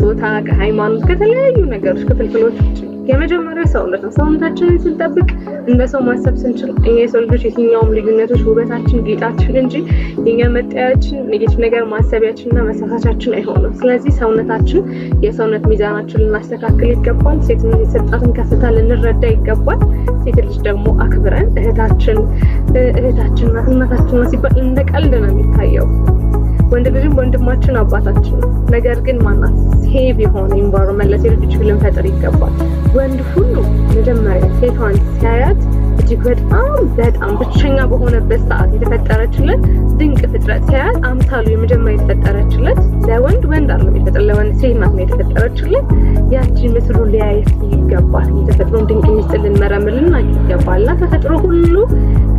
ጾታ ከሃይማኖት ከተለያዩ ነገሮች ክፍልፍሎች የመጀመሪያው ሰውነት ነው። ሰውነታችንን ስንጠብቅ እንደ ሰው ማሰብ ስንችል እኛ የሰው ልጆች የትኛውም ልዩነቶች ውበታችን፣ ጌጣችን እንጂ የኛ መጠያችን ኔጌቲቭ ነገር ማሰቢያችንና መሳሳቻችን አይሆንም። ስለዚህ ሰውነታችን የሰውነት ሚዛናችን ልናስተካክል ይገባል። ሴት የሰጣትን ከፍታ ልንረዳ ይገባል። ሴት ልጅ ደግሞ አክብረን እህታችን እህታችን እናት እናታችን ሲባል እንደ ቀልድ ነው የሚታየው። ወንድ ልጅም ወንድማችን አባታችን ነው። ነገር ግን ማናት ሴቭ የሆነ ኢንቫይሮንመንት ለሴት ልጅ ልንፈጥር ይገባል። ወንድ ሁሉ መጀመሪያ ሴቷን ሲያያት እጅግ በጣም በጣም ብቸኛ በሆነበት ሰዓት የተፈጠረችለት ድንቅ ፍጥረት ሲያያት አምሳሉ የመጀመሪያ የተፈጠረችለት ለወንድ ወንድ አለ የሚፈጥር ለወንድ ሴት ናት የተፈጠረችለት ያቺ ምስሉ ሊያየት ይገባል። የተፈጥሮን ድንቅ ሚስጥ ልንመረምልና ይገባል እና ተፈጥሮ ሁሉ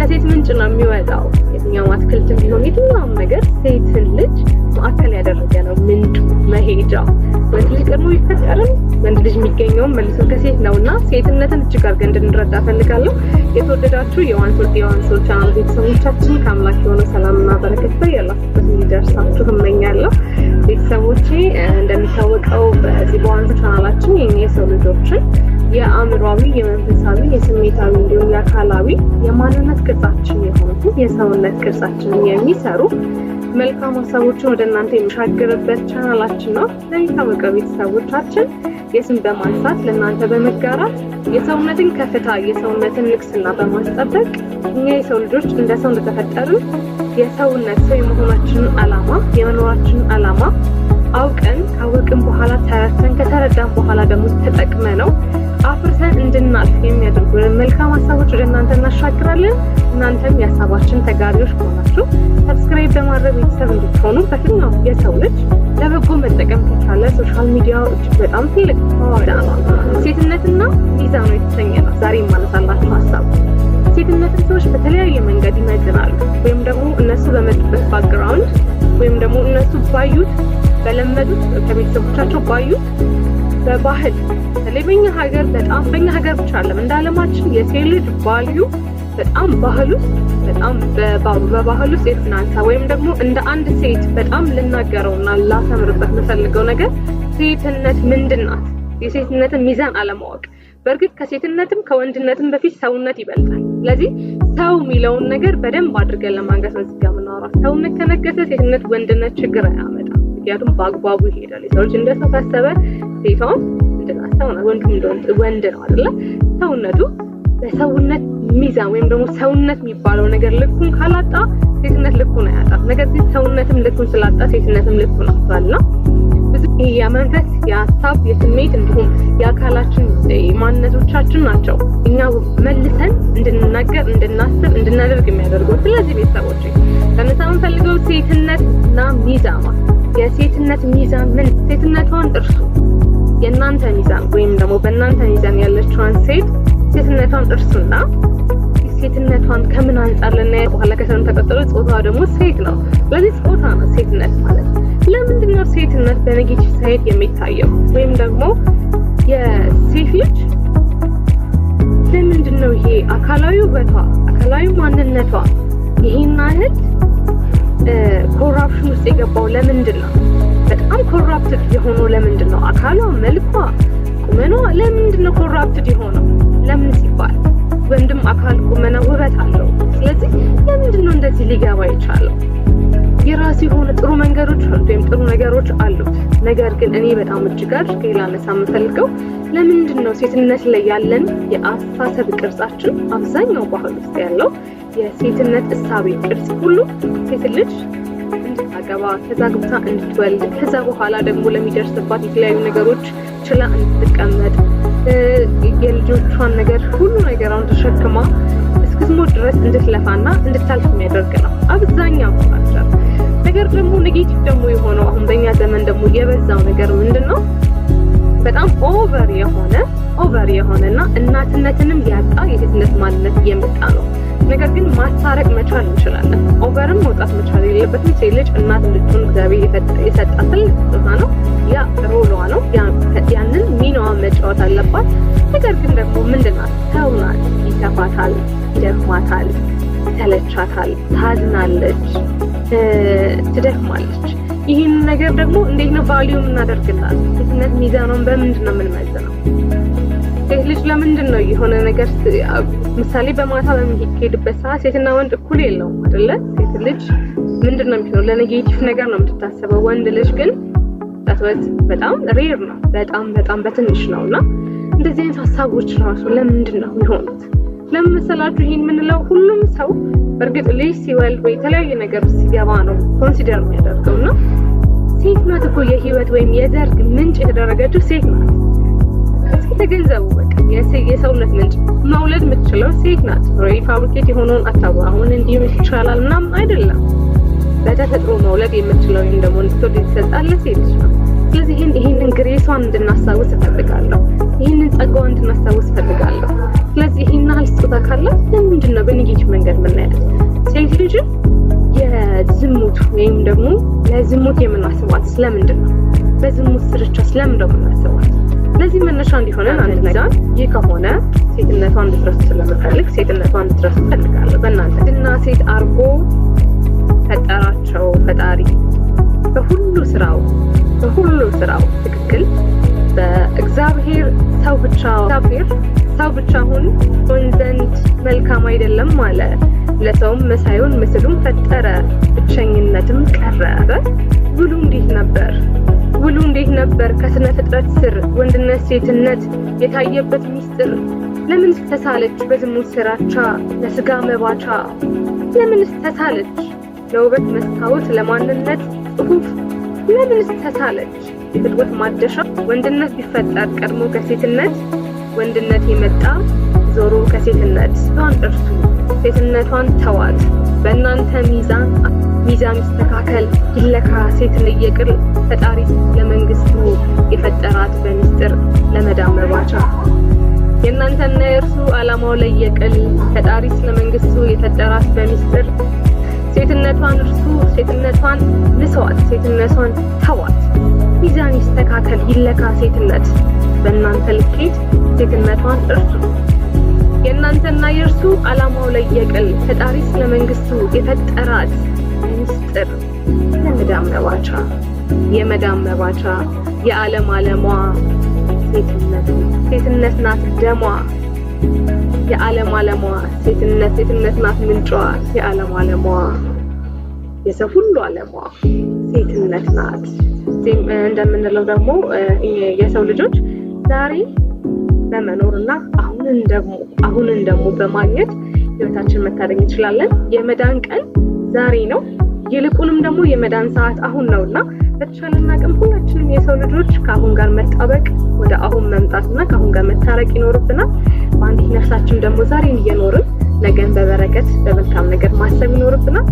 ከሴት ምንጭ ነው የሚወጣው። የትኛውም አትክልት ቢሆን የትኛውም ነገር ሴትን ልጅ ማዕከል ያደረገ ነው። ምንጩ መሄጃ ወንድ ልጅ ቀድሞ ይፈጠርም ወንድ ልጅ የሚገኘውም መልሶ ከሴት ነው እና ሴትነትን እጅግ አድርገን እንድንረዳ ፈልጋለሁ። የተወደዳችሁ የዋን ሶልት የዋን ሶልት ቻናል ቤተሰቦቻችን ከአምላክ የሆነ ሰላምና በረከት ላይ ያላችሁበት እንዲደርሳችሁ እመኛለሁ። ቤተሰቦቼ እንደሚታወቀው በዚህ በዋን ቻናላችን የሰው ልጆችን የአእምሯዊ፣ የመንፈሳዊ፣ የስሜታዊ እንዲሁም የአካላዊ የማንነት ቅርጻችን የሆኑትን የሰውነት ቅርጻችንን የሚሰሩ መልካም ሀሳቦችን ወደ እናንተ የሚሻገርበት ቻናላችን ነው። ለሚታወቀው ቤተሰቦቻችን የስም በማንሳት ለእናንተ በመጋራት የሰውነትን ከፍታ የሰውነትን ንቅስና በማስጠበቅ እኛ የሰው ልጆች እንደ ሰው እንደተፈጠርን የሰውነት ሰው የመሆናችንን ዓላማ የመኖራችንን ዓላማ አውቀን ካወቅን በኋላ ተረድተን ከተረዳን በኋላ ደግሞ ተጠቅመ ነው አፍርተን እንድናልፍ የሚያደርጉን መልካም ሀሳቦች ወደ እናንተ እናሻግራለን። እናንተም የሀሳባችን ተጋሪዎች ከሆናችሁ ሰብስክራይብ በማድረግ ቤተሰብ እንድትሆኑ በፍናው የሰው ልጅ ለበጎ መጠቀም ከቻለ ሶሻል ሚዲያ እጅግ በጣም ትልቅ ተዋዳ ነው። ሴትነትና ሚዛኑ የተሰኘ ነው ዛሬ የማነሳላችሁ ሀሳብ። ሴትነትን ሰዎች በተለያየ መንገድ ይመዝናሉ ወይም ደግሞ እነሱ በመጡበት ባክግራውንድ ወይም ደግሞ እነሱ ባዩት በለመዱት ከቤተሰቦቻቸው ባዩት በባህል በተለይ በኛ ሀገር በጣም በኛ ሀገር ብቻ አለም እንደ አለማችን የሴት ልጅ ባዩ በጣም ባህል ውስጥ በጣም በባህል ውስጥ የትናንሳ ወይም ደግሞ እንደ አንድ ሴት በጣም ልናገረው ና ላሰምርበት የምፈልገው ነገር ሴትነት ምንድናት የሴትነትን ሚዛን አለማወቅ። በእርግጥ ከሴትነትም ከወንድነትም በፊት ሰውነት ይበልጣል። ስለዚህ ሰው የሚለውን ነገር በደንብ አድርገን ለማንገስገስ ከምናወራ ሰውነት ከነገሰ ሴትነት፣ ወንድነት ችግር አያመጣም። ምክንያቱም በአግባቡ ይሄዳል። የሰው ልጅ እንደ ሰው ካሰበ ሴቷም ወንዱም ወንድ ነው አይደለ? ሰውነቱ በሰውነት ሚዛን ወይም ደግሞ ሰውነት የሚባለው ነገር ልኩን ካላጣ ሴትነት ነው አያጣም። ነገር ግን ሰውነትም ልኩን ስላጣ ሴትነትም ልኩን ብዙ ይህ የመንፈስ የሀሳብ የስሜት እንዲሁም የአካላችን ማንነቶቻችን ናቸው እኛ መልሰን እንድንናገር እንድናስብ እንድናደርግ የሚያደርገው። ስለዚህ ቤተሰቦች ለነሳ ምንፈልገው ሴትነት እና ሚዛማ የሴትነት ሚዛን ምን ሴትነቷን እርሱ የእናንተ ሚዛን ወይም ደግሞ በእናንተ ሚዛን ያለችዋን ሴት ሴትነቷን እርሱና ሴትነቷን ከምን አንጻር ልናየው በኋላ ከሰን ተቀጥሎ ጾታ ደግሞ ሴት ነው። ስለዚህ ጾታ ነው ሴትነት ማለት። ለምንድን ነው ሴትነት በኔጌቲቭ ሳይድ የሚታየው ወይም ደግሞ የሴት ልጅ ለምንድን ነው ይሄ አካላዊ ውበቷ አካላዊ ማንነቷ ይሄን ያህል ኮራፕሽን ውስጥ የገባው ለምንድን ነው? በጣም ኮራፕትድ የሆነው ለምንድን ነው? አካሏ፣ መልኳ፣ ቁመኗ ለምንድን ነው ኮራፕትድ የሆነው? ለምን ሲባል ወንድም አካል ቁመና ውበት አለው። ስለዚህ ለምንድን ነው እንደዚህ ሊገባ የቻለው? የራሱ የሆነ ጥሩ መንገዶች አሉት ወይም ጥሩ ነገሮች አሉት። ነገር ግን እኔ በጣም እጅግ አድርጌ ላነሳ የምፈልገው ለምንድን ነው ሴትነት ላይ ያለን የአስተሳሰብ ቅርጻችን አብዛኛው ባህል ውስጥ ያለው የሴትነት እሳቤ ቅርጽ ሁሉ ሴት ልጅ እንድታገባ ከዛ ግብታ እንድትወልድ ከዛ በኋላ ደግሞ ለሚደርስባት የተለያዩ ነገሮች ችላ እንድትቀመጥ የልጆቿን ነገር ሁሉ አሁን ተሸክማ እስክትሞ ድረስ እንድትለፋና እንድታልፍ የሚያደርግ ነው አብዛኛው ካራክተር ነገር ደግሞ ኔጌቲቭ ደግሞ የሆነው አሁን በእኛ ዘመን ደግሞ የበዛው ነገር ምንድን ነው? በጣም ኦቨር የሆነ ኦቨር የሆነና እናትነትንም ያጣ የሴትነት ማንነት እየመጣ ነው። ነገር ግን ማታረቅ መቻል እንችላለን። ኦቨርም መውጣት መቻል የለበትም። ሴት ልጅ እናት ልጁን እግዚአብሔር የሰጣት ትልቅ ስጦታ ነው። ያ ሮሏ ነው። ያንን ሚናዋን መጫወት አለባት። ነገር ግን ደግሞ ምንድናት ሰውናት፣ ይከፋታል፣ ይደክማታል፣ ይተለቻታል፣ ታዝናለች፣ ትደክማለች። ይህን ነገር ደግሞ እንዴት ነው ቫሊዩ የምናደርግላት? ሴትነት ሚዛኗን በምንድን ነው የምንመዝነው? ሴት ልጅ ለምንድን ነው የሆነ ነገር ምሳሌ በማታ በሚሄድበት ሰዓት ሴትና ወንድ እኩል የለውም አይደለ? ሴት ልጅ ምንድን ነው የሚሆነው? ለኔጌቲቭ ነገር ነው የምትታሰበው። ወንድ ልጅ ግን ማጥበት በጣም ሬር ነው። በጣም በጣም በትንሽ ነው እና እንደዚህ አይነት ሀሳቦች ራሱ ለምንድን ነው የሆኑት? ለምን መሰላችሁ ይሄን የምንለው? ሁሉም ሰው በእርግጥ ልጅ ሲወልድ ወይ የተለያዩ ነገር ሲገባ ነው ኮንሲደር የሚያደርገው እና ሴት ናት እኮ የህይወት ወይም የዘርግ ምንጭ የተደረገችው ሴት ናት። እስኪ ተገንዘቡ። በቃ የሰውነት ምንጭ መውለድ የምትችለው ሴት ናት። ወይ ፋብሪኬት የሆነውን አታቡ አሁን እንዲህ ይቻላል ምናምን አይደለም። በተፈጥሮ መውለድ የምትችለው ወይም ደግሞ እንድትወልድ የተሰጣለ ሴት ነው። ስለዚህ ይህንን ግሬሷን እንድናስታውስ እፈልጋለሁ። ይህንን ጸጋዋን እንድናስታውስ እፈልጋለሁ። ስለዚህ ይህን ያህል ስጦታ ካለ ለምንድን ነው በንጌች መንገድ ምናያለን? ሴት ልጅን የዝሙት ወይም ደግሞ ለዝሙት የምናስባት ስለምንድን ነው? በዝሙት ስርቻ ስለምን ነው የምናስባት? ለዚህ መነሻ እንዲሆነ አንድ ነገር ይህ ከሆነ ሴትነቷ እንድትረሱ ስለምፈልግ ሴትነቷ እንድትረሱ እፈልጋለሁ። በእናንተ እና ሴት አርጎ ፈጠራቸው ፈጣሪ በሁሉ ስራው በሁሉ ስራው ትክክል በእግዚአብሔር ሰው ብቻ እግዚአብሔር ሰው ብቻውን ሆን ዘንድ መልካም አይደለም አለ። ለሰውም መሳዩን ምስሉን ፈጠረ፣ ብቸኝነትም ቀረ ብሉ እንዴት ነበር? ብሉ እንዴት ነበር? ከስነ ፍጥረት ስር ወንድነት ሴትነት የታየበት ሚስጥር ለምን ተሳለች? በዝሙት ስራቻ ለስጋ መባቻ ለምን ተሳለች? ለውበት መስታወት ለማንነት ለምንስ ተሳለች? ብጥብጥ ማደሻ ወንድነት ቢፈጠር ቀድሞ ከሴትነት ወንድነት የመጣ ዞሮ ከሴትነት ሆን እርሱ ሴትነቷን ተዋት። በእናንተ ሚዛን ሚዛን ይስተካከል ይለካ። ሴትን እየቅር ፈጣሪ ለመንግስቱ የፈጠራት በሚስጥር ለመዳም መባቻ የእናንተና የእርሱ አላማው ለየቅል ፈጣሪ ለመንግስቱ የፈጠራት በሚስጥር ሴትነቷን እርሱ ሴትነቷን ልሰዋት፣ ሴትነቷን ተዋት። ሚዛን ይስተካከል፣ ይለካ ሴትነት በእናንተ ልኬት ሴትነቷን እርሱ የእናንተና የእርሱ ዓላማው ላይ የቅል ፈጣሪ ስለ መንግስቱ የፈጠራት ምስጢር የመዳም መባቻ የመዳም መባቻ የዓለም ዓለሟ ሴትነቱ ሴትነት ናት ደሟ የዓለም ዓለሟ ሴትነት ሴትነት ናት ምንጯ የዓለም ዓለሟ የሰው ሁሉ ዓለሟ ሴትነት ናት። እንደምንለው ደግሞ የሰው ልጆች ዛሬ በመኖር አሁንን ደግሞ አሁንን ደግሞ በማግኘት ህይወታችን መታደግ እንችላለን። የመዳን ቀን ዛሬ ነው። ይልቁንም ደግሞ የመዳን ሰዓት አሁን ነውና በተቻለን አቅም ሁላችንም የሰው ልጆች ከአሁን ጋር መጣበቅ ወደ አሁን መምጣትና ከአሁን ጋር መታረቅ ይኖርብናል። በአንዲት ነፍሳችን ደግሞ ዛሬን እየኖርን ነገን በበረከት በመልካም ነገር ማሰብ ይኖርብናል።